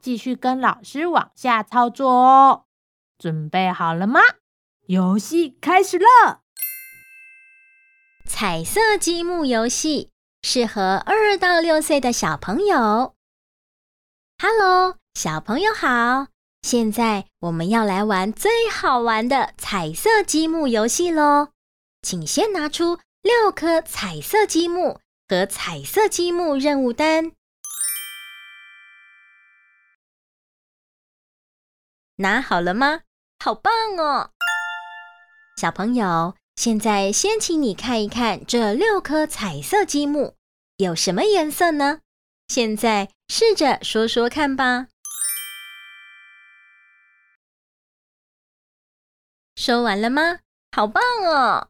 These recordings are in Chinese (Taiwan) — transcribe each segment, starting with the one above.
繼續跟老師往下操作哦，準備好了嗎？遊戲開始了！彩色積木遊戲適合二到六歲的小朋友。Hello，小朋友好！現在我們要來玩最好玩的彩色積木遊戲咯，請先拿出六顆彩色積木和彩色積木任務單。拿好了嗎？好棒哦！小朋友，現在先請你看一看這六顆彩色積木有什麼顏色呢？現在試着說說看吧。說完了嗎？好棒哦！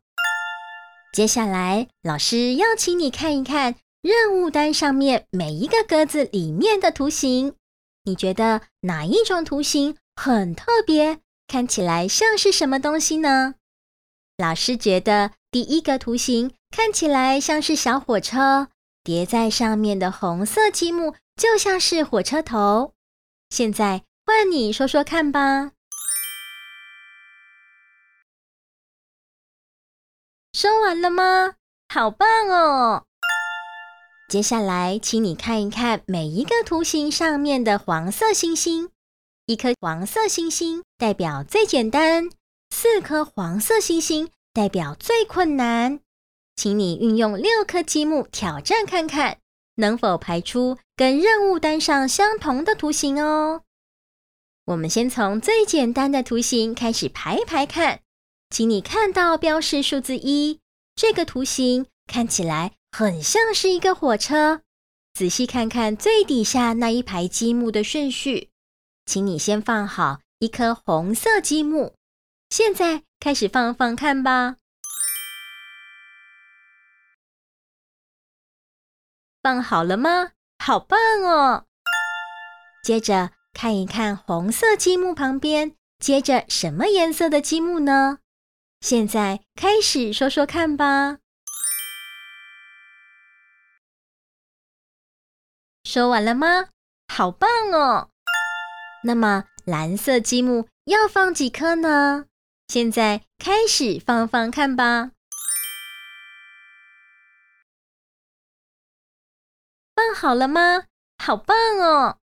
接下來，老師要請你看一看任務單上面每一個格子裡面的圖形，你覺得哪一種圖形？很特別，看起來像是什麼東西呢？老師覺得第一個圖形看起來像是小火車，疊在上面的紅色積木就像是火車頭。現在換你說說看吧。說完了嗎？好棒哦！接下來請你看一看每一個圖形上面的黃色星星。一顆黃色星星代表最簡單，四顆黃色星星代表最困難。請你運用六顆積木挑戰看看，能否排出跟任務單上相同的圖形哦。我們先從最簡單的圖形開始排排看，請你看到標示數字一，這個圖形看起來很像是一個火車。仔細看看最底下那一排積木的順序。請你先放好一顆紅色積木，現在開始放放看吧。放好了嗎？好棒哦！接着看一看紅色積木旁邊接着什麼顏色的積木呢？現在開始說說看吧。說完了嗎？好棒哦！那麼藍色積木要放幾顆呢？現在開始放放看吧。放好了嗎？好棒哦！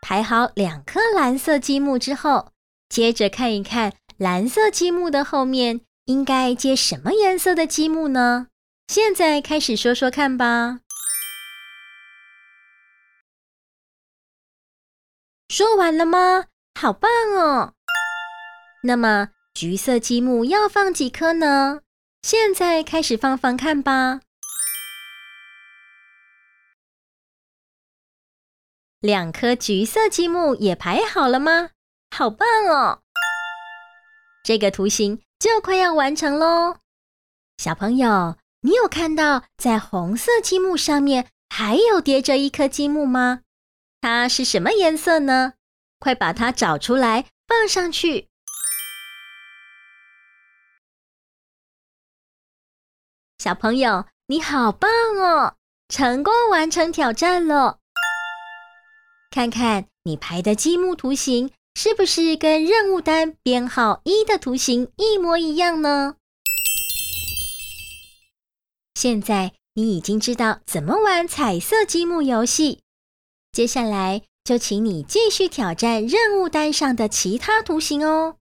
排好兩顆藍色積木之後，接着看一看藍色積木的後面應該接什麼顏色的積木呢？現在開始說說看吧。說完了嗎？好棒哦！那麼橘色積木要放幾顆呢？現在開始放放看吧。兩顆橘色積木也排好了嗎？好棒哦！這個圖形就快要完成嘍。小朋友，你有看到在紅色積木上面還有疊着一顆積木嗎？它是什麼顏色呢？快把它找出來，放上去。小朋友，你好棒哦！成功完成挑戰了。看看你排的積木圖形是不是跟任務單編號一的圖形一模一樣呢？現在你已經知道怎麼玩彩色積木遊戲。接下來就請你繼續挑戰任務單上的其他圖形哦。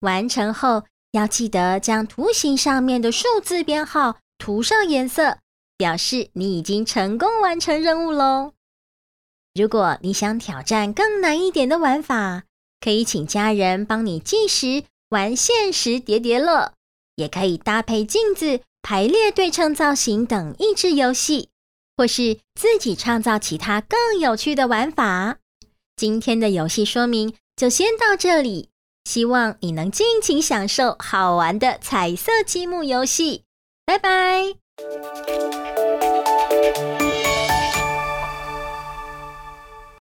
完成後要記得將圖形上面的數字編號塗上顏色，表示你已經成功完成任務嘍。如果你想挑戰更難一點的玩法，可以請家人幫你計時，玩限時疊疊樂，也可以搭配鏡子、排列對稱造型等益智遊戲。或是自己創造其他更有趣的玩法。今天的遊戲說明就先到這裡，希望你能盡情享受好玩的彩色積木遊戲。拜拜！